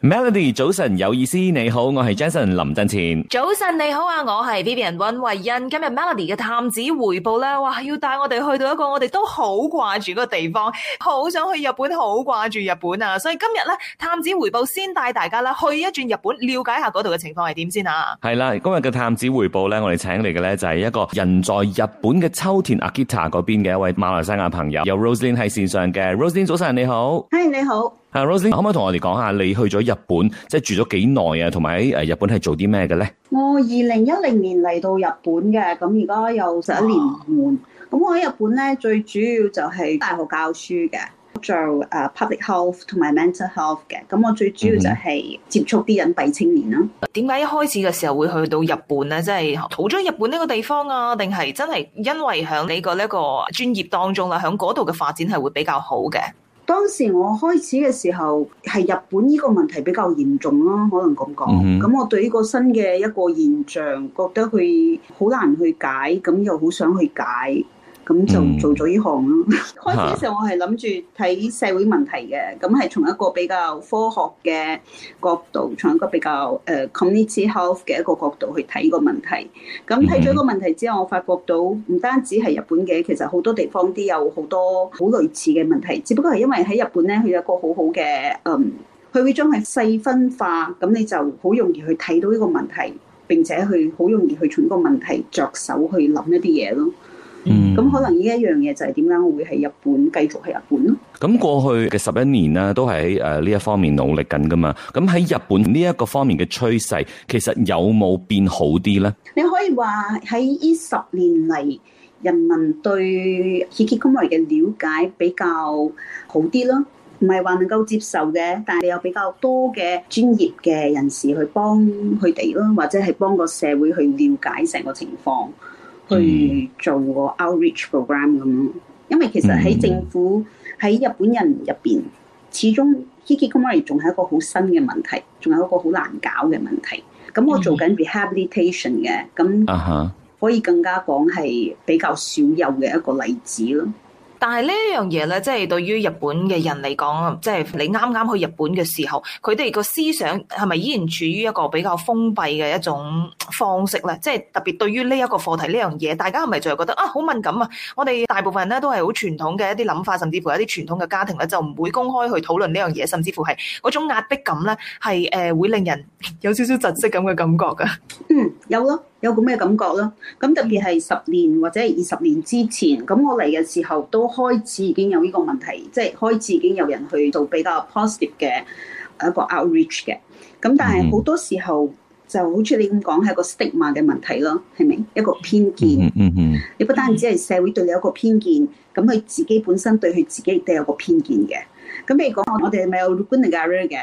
Melody 早晨有意思，你好，我係 Jason 林振前。早晨你好啊，我係 Vivian 溫慧欣。今日 Melody 嘅探子回報咧，哇，要帶我哋去到一個我哋都好掛住個地方，好想去日本，好掛住日本啊！所以今日咧探子回報先帶大家咧去一轉日本，了解下嗰度嘅情況係點先啊！係啦，今日嘅探子回報咧，我哋請嚟嘅咧就係一個人在日本嘅秋田 Akita 嗰邊嘅一位馬來西亞朋友，由 Roslyn 喺線上嘅。Roslyn 早晨你好，嗨你好。Uh, Rosie, 可唔可以同我哋講下你去咗日本，即係住咗幾耐啊？同埋誒日本係做啲咩嘅咧？我二零一零年嚟到日本嘅，咁而家有十一年半。咁哇 我喺日本咧，最主要就係大學教書嘅，做誒 public health 同埋 mental health 嘅。咁我最主要就係接觸啲隱蔽青年啦、啊。點解、嗯、哼 一開始嘅時候會去到日本咧？即係好中意日本呢個地方啊？定係真係因為喺你個呢個專業當中啦，喺嗰度嘅發展係會比較好嘅？當時我開始嘅時候係日本呢個問題比較嚴重咯，可能咁講。咁、嗯、哼我對呢個新嘅一個現象，覺得佢好難去解，咁又好想去解，咁就做咗呢行咯。 開始嘅時候，我係諗住睇社會問題嘅，咁係從一個比較科學嘅角度，從一個比較誒 community health 嘅一個角度去睇個問題。咁睇咗個問題之後，我發覺到唔單止係日本嘅，其實好多地方啲有好多好類似嘅問題，只不過係因為喺日本咧，佢有一個好好嘅，嗯，佢會將佢細分化，咁你就好容易去睇到呢個問題，並且去好容易去從呢個問題着手去諗一啲嘢咯。嗯，咁可能呢一樣嘢就係點解會喺日本繼續喺日本咯？咁過去嘅十一年咧，啊，都喺誒呢一方面努力緊噶嘛。咁喺日本呢一個方面嘅趨勢，其實有冇變好啲咧？你可以話喺呢十年嚟，人民對協協工維嘅了解比較好啲咯，唔係話能夠接受嘅，但係有比較多嘅專業嘅人士去幫佢哋咯，或者係幫個社會去了解成個情況。去做個 outreach program 咁，因為其實喺政府喺、嗯、日本人入邊，始終 hikikomori 仲係一個好新嘅問題，仲係一個好難搞嘅問題。咁我做緊 rehabilitation 嘅，咁可以更加講係比較少有嘅一個例子咯。但係呢一樣嘢咧，即係對於日本嘅人嚟講，即係你啱啱去日本嘅時候，佢哋個思想係咪依然處於一個比較封閉嘅一種方式咧？即係特別對於呢一個課題呢樣嘢，大家係咪就係覺得啊好敏感啊？我哋大部分咧都係好傳統嘅一啲諗法，甚至乎有啲傳統嘅家庭咧，就唔會公開去討論呢樣嘢，甚至乎係嗰種壓迫感咧，係誒會令人有少少窒息咁嘅感覺嘅。嗯，有咯。有個咩感覺咧？咁特別係十年或者二十年之前，咁我嚟嘅時候都開始已經有呢個問題，即係開始已經有人去做比較 positive 嘅一個 outreach 嘅。咁但係好多時候就好似你咁講，係一個 stigma 嘅問題咯，係咪一個偏見？嗯嗯，你不單止係社會對你有個偏見，咁佢自己本身對佢自己亦都有個偏見嘅。咁譬如講我哋咪有 guiding area 嘅，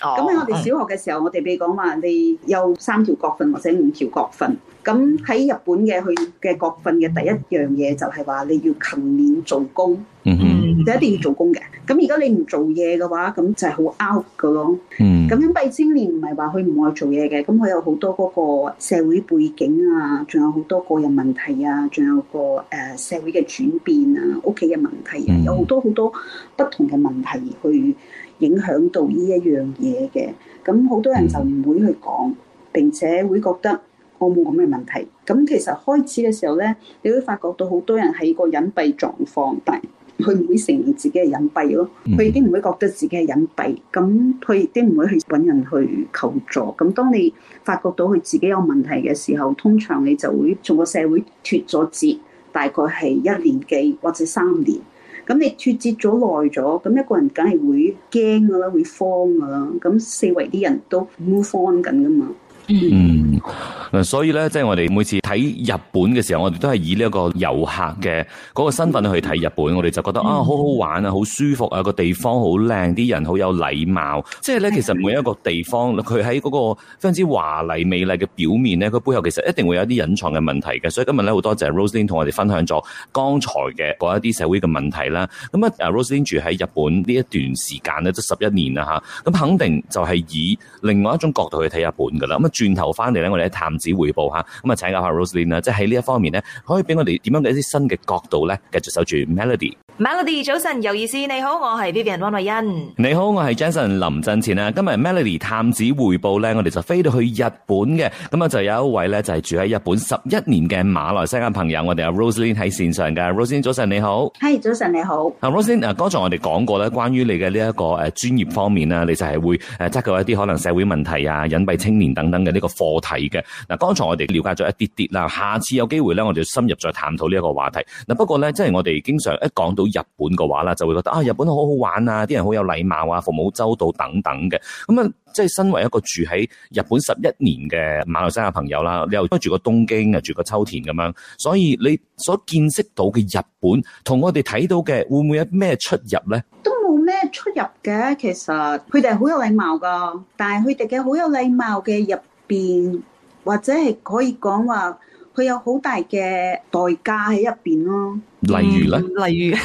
咁喺、哦、我哋小學嘅時候，我哋譬如講話你有三條國訓或者五條國訓，咁喺日本嘅佢嘅國訓嘅第一樣嘢就係話你要勤勉做工。嗯就一定要做工嘅咁。而家你唔做嘢嘅話，咁就係好 out 㗎囉。咁樣、嗯，隱蔽青年唔係話佢唔愛做嘢嘅，咁佢有好多嗰個社會背景啊，仲有好多個人問題啊，仲有個誒社會嘅轉變啊，屋企嘅問題啊，嗯、有好多好多不同嘅問題去影響到呢一樣嘢嘅。咁好多人就唔會去講，嗯、並且會覺得我冇咁嘅問題。咁其實開始嘅時候咧，你會發覺到好多人喺個隱蔽狀況，但佢唔會承認自己係隱蔽咯，佢已經唔會覺得自己係隱蔽，咁佢已經唔會去搵人去求助。咁當你發覺到佢自己有問題嘅時候，通常你就會從個社會脫咗節，大概係一年幾或者三年。咁你脫節咗耐咗，咁一個人梗係會驚噶啦，會慌噶啦。咁四圍啲人都 move on 緊噶嘛。嗯，所以咧，即係我哋每次睇日本嘅時候，我哋都係以呢一個遊客嘅嗰個身份去睇日本，我哋就覺得啊，好好玩啊，好舒服啊，個地方好靚，啲人好有禮貌。即係咧，其實每一個地方，佢喺嗰個非常之華麗、美麗嘅表面咧，佢背後其實一定會有一啲隱藏嘅問題嘅。所以今日咧，好多謝 Rosey 同我哋分享咗剛才嘅嗰一啲社會嘅問題啦。咁啊，阿 Rosey 住喺日本呢一段時間咧，即十一年啦吓，咁肯定就係以另外一種角度去睇日本噶啦。咁轉頭翻嚟我哋喺探子回報嚇，咁啊請教一下 Roseanne 啊，即係呢一方面咧，可以俾我哋點樣嘅一啲新嘅角度咧，繼續守住 Melody。Mel Melody 早晨，有意思，你好，我係 Vivian 温慧欣。你好，我係 Jason 林振前啊。今日 Melody 探子回報咧，我哋就飛到去日本嘅，咁啊就有一位咧就係住喺日本十一年嘅馬來西亞朋友，我哋阿 Roslyne 喺線上嘅。Roslyn 早晨你好，係早晨你好。阿 Roslyn 啊，Ros ine, 剛才我哋講過咧，關於你嘅呢一個誒專業方面啊，你就係會誒涉及一啲可能社會問題啊、隱蔽青年等等嘅呢個課題嘅。嗱、啊，剛才我哋了解咗一啲啲啦，下次有機會咧，我哋深入再探討呢一個話題。嗱，不過咧，即係我哋經常一講到。日本嘅話啦，就會覺得啊，日本好好玩啊，啲人好有禮貌啊，服務周到等等嘅。咁、嗯、啊，即係身為一個住喺日本十一年嘅馬來西亞朋友啦，你又住過東京啊，住過秋田咁樣，所以你所見識到嘅日本，同我哋睇到嘅會唔會有咩出入咧？都冇咩出入嘅，其實佢哋係好有禮貌噶，但係佢哋嘅好有禮貌嘅入邊，或者係可以講話。佢有好大嘅代價喺入邊咯、嗯，例如咧，例如，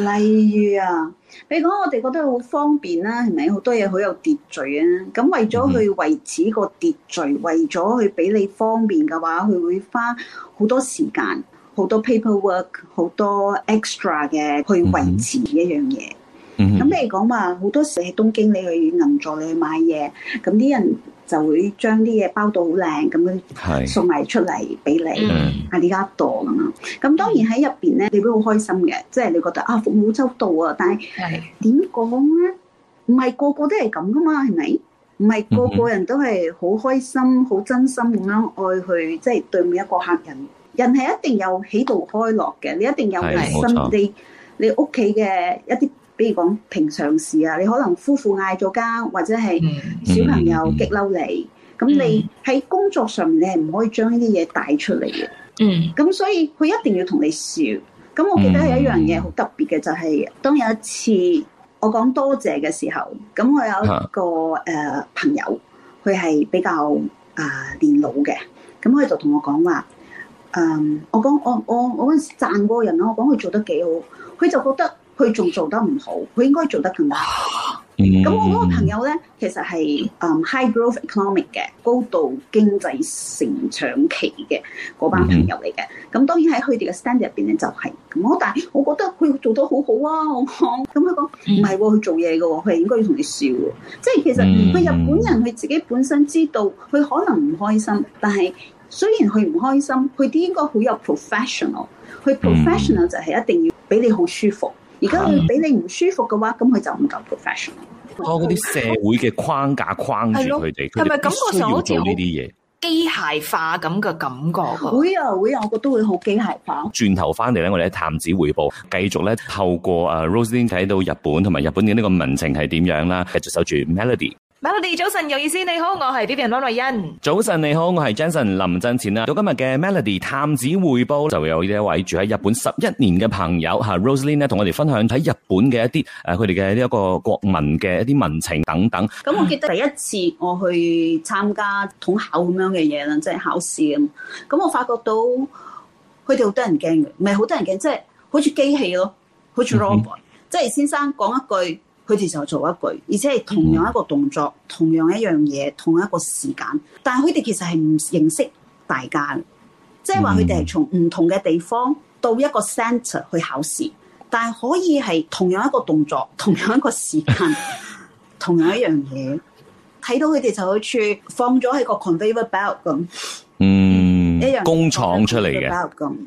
例如啊，比如講我哋覺得好方便啦、啊，係咪？好多嘢好有秩序啊，咁為咗去維持個秩序，嗯、哼為咗去俾你方便嘅話，佢會花好多時間、好多 paperwork、好多 extra 嘅去維持一樣嘢。咁譬、嗯嗯、如講話，好多時喺東京你去銀座你去買嘢，咁啲人。就會將啲嘢包到好靚咁樣送埋出嚟俾你，阿呢家墮咁樣。咁、嗯啊、當然喺入邊咧，你都好開心嘅，即、就、係、是、你覺得啊服務周到啊。但係點講咧？唔係是個個都係咁噶嘛，係咪？唔係個個人都係好開心、好、嗯嗯、真心咁樣愛去，即、就、係、是、對每一個客人。人係一定有喜度哀樂喜怒哀樂嘅，你一定有心是你錯你屋企嘅一啲。比如講平常事啊，你可能夫婦嗌咗交，或者係小朋友激嬲你，咁、嗯嗯、你喺工作上面你係唔可以將呢啲嘢帶出嚟嘅。嗯，咁所以佢一定要同你笑。咁我記得有一樣嘢好特別嘅，就係、是、當有一次我講多謝嘅時候，咁我有一個誒、嗯嗯呃、朋友，佢係比較啊年、呃、老嘅，咁佢就同我講話，誒、嗯、我講我我我嗰陣時讚過人咯，我講佢做得幾好，佢就覺得。佢仲做得唔好，佢應該做得更加好。咁、mm hmm. 我嗰個朋友咧，其實係誒、um, high growth economic 嘅高度經濟成長期嘅嗰班朋友嚟嘅。咁、mm hmm. 當然喺佢哋嘅 stand 入邊咧，就係、是、咁。但係我覺得佢做得好好啊！我 咁啊，佢講唔係喎，佢做嘢嘅喎，佢係應該要同你笑嘅。即係其實佢日本人，佢、mm hmm. 自己本身知道佢可能唔開心，但係雖然佢唔開心，佢啲應該好有 professional。佢 professional 就係一定要俾你好舒服。Mm hmm. 而家佢俾你唔舒服嘅話，咁佢就唔夠 professional。都嗰啲社會嘅框架框住佢哋，佢哋的必須要做呢啲嘢，係咪機械化咁嘅感覺？會啊會啊，我覺得會好機械化。轉頭翻嚟咧，我哋探子回報，繼續咧透過啊 Rosie 睇到日本同埋日本嘅呢個民情係點樣啦，繼續守住 Melody。Melody 早晨有意思，你好，我係 B B N 温慧欣。早晨你好，我係 Jensen 林振前啦。到今日嘅 Melody 探子回報，就有呢一位住喺日本十一年嘅朋友吓，Roslyn 咧同我哋分享喺日本嘅一啲誒，佢哋嘅呢一個國民嘅一啲民情等等。咁我記得第一次我去參加統考咁樣嘅嘢啦，即係考試咁。咁我發覺到佢哋好得人驚嘅，唔係好得人驚，即係好似機器咯，好似 Robot。即係先生講一句。佢哋就做一句，而且係同樣一個動作，嗯、同樣一樣嘢，同樣一個時間，但係佢哋其實係唔認識大家，即係話佢哋係從唔同嘅地方到一個 center 去考試，但係可以係同樣一個動作，同樣一個時間， 同樣一樣嘢，睇到佢哋就好似放咗喺個 conveyor belt 咁。嗯。工廠出嚟嘅，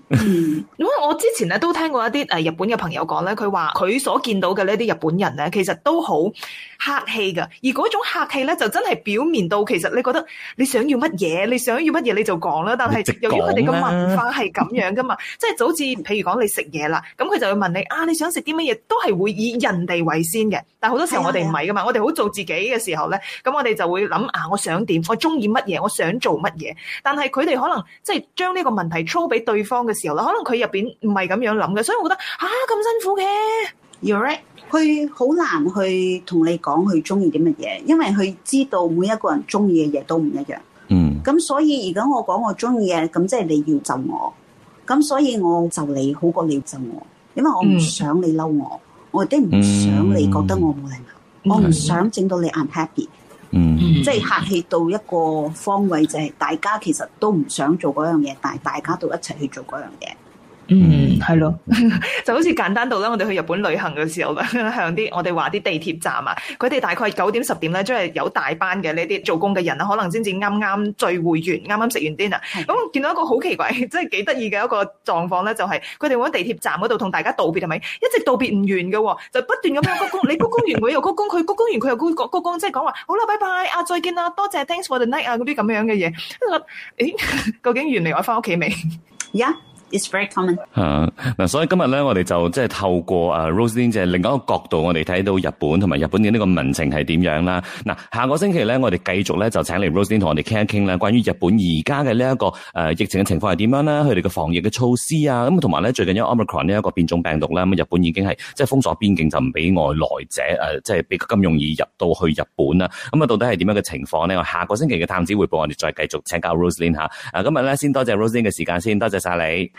嗯，咁我之前咧都聽過一啲誒日本嘅朋友講咧，佢話佢所見到嘅呢啲日本人咧，其實都好客氣㗎，而嗰種客氣咧就真係表面到，其實你覺得你想要乜嘢，你想要乜嘢你就講啦。但係由於佢哋嘅文化係咁樣噶嘛， 即係就好似譬如講你食嘢啦，咁佢就會問你啊，你想食啲乜嘢？都係會以人哋為先嘅。但係好多時候我哋唔係噶嘛，哎、呀我哋好做自己嘅時候咧，咁我哋就會諗啊，我想點？我中意乜嘢？我想做乜嘢？但係佢哋可能。即係將呢個問題 throw 俾對方嘅時候啦，可能佢入邊唔係咁樣諗嘅，所以我覺得吓咁、啊、辛苦嘅，You're right？佢好難去同你講佢中意啲乜嘢，因為佢知道每一個人中意嘅嘢都唔一樣。嗯，咁所以而家我講我中意嘅，咁即係你要就我，咁所以我就你好過你要就我，因為我唔想你嬲我，mm. 我亦都唔想你覺得我冇禮貌，mm. 我唔想整到你 unhappy。嗯，mm hmm. 即係客氣到一個方位，就係大家其實都唔想做嗰樣嘢，但係大家都一齊去做嗰樣嘢。嗯，係咯，就好似簡單到啦。我哋去日本旅行嘅時候啦， 向啲我哋話啲地鐵站啊，佢哋大概九點十點咧，即係、就是、有大班嘅呢啲做工嘅人啊，可能先至啱啱聚會完，啱啱食完 dinner。咁我見到一個好奇怪，即係幾得意嘅一個狀況咧，就係佢哋會喺地鐵站嗰度同大家道別係咪？是是一直道別唔完嘅，就不斷咁鞠躬。 你鞠躬完佢又鞠躬，佢鞠躬完佢又鞠躬鞠躬，即係講話好啦，拜拜啊，再見啊，多謝，thanks for the night 啊，嗰啲咁樣嘅嘢。 咦 究竟原嚟我翻屋企未？呀、 yeah?！係啊，嗱、嗯，所以今日咧，我哋就即係透過啊 Rose Lin 即係另一個角度，我哋睇到日本同埋日本嘅呢個民情係點樣啦。嗱、嗯，下個星期咧，我哋繼續咧就請嚟 Rose Lin 同我哋傾一傾啦，關於日本而家嘅呢一個誒疫情嘅情況係點樣啦，佢哋嘅防疫嘅措施啊，咁同埋咧最近因為 Omicron 呢一個變種病毒咧，咁、嗯、日本已經係即係封鎖邊境，就唔俾外來者誒，即、呃、係、就是、比咁容易入到去日本啦。咁、嗯、啊，到底係點樣嘅情況咧？我下個星期嘅探子回報，我哋再繼續請教 Rose Lin 嚇。啊，今日咧先多謝 Rose Lin 嘅時間先，多謝晒你。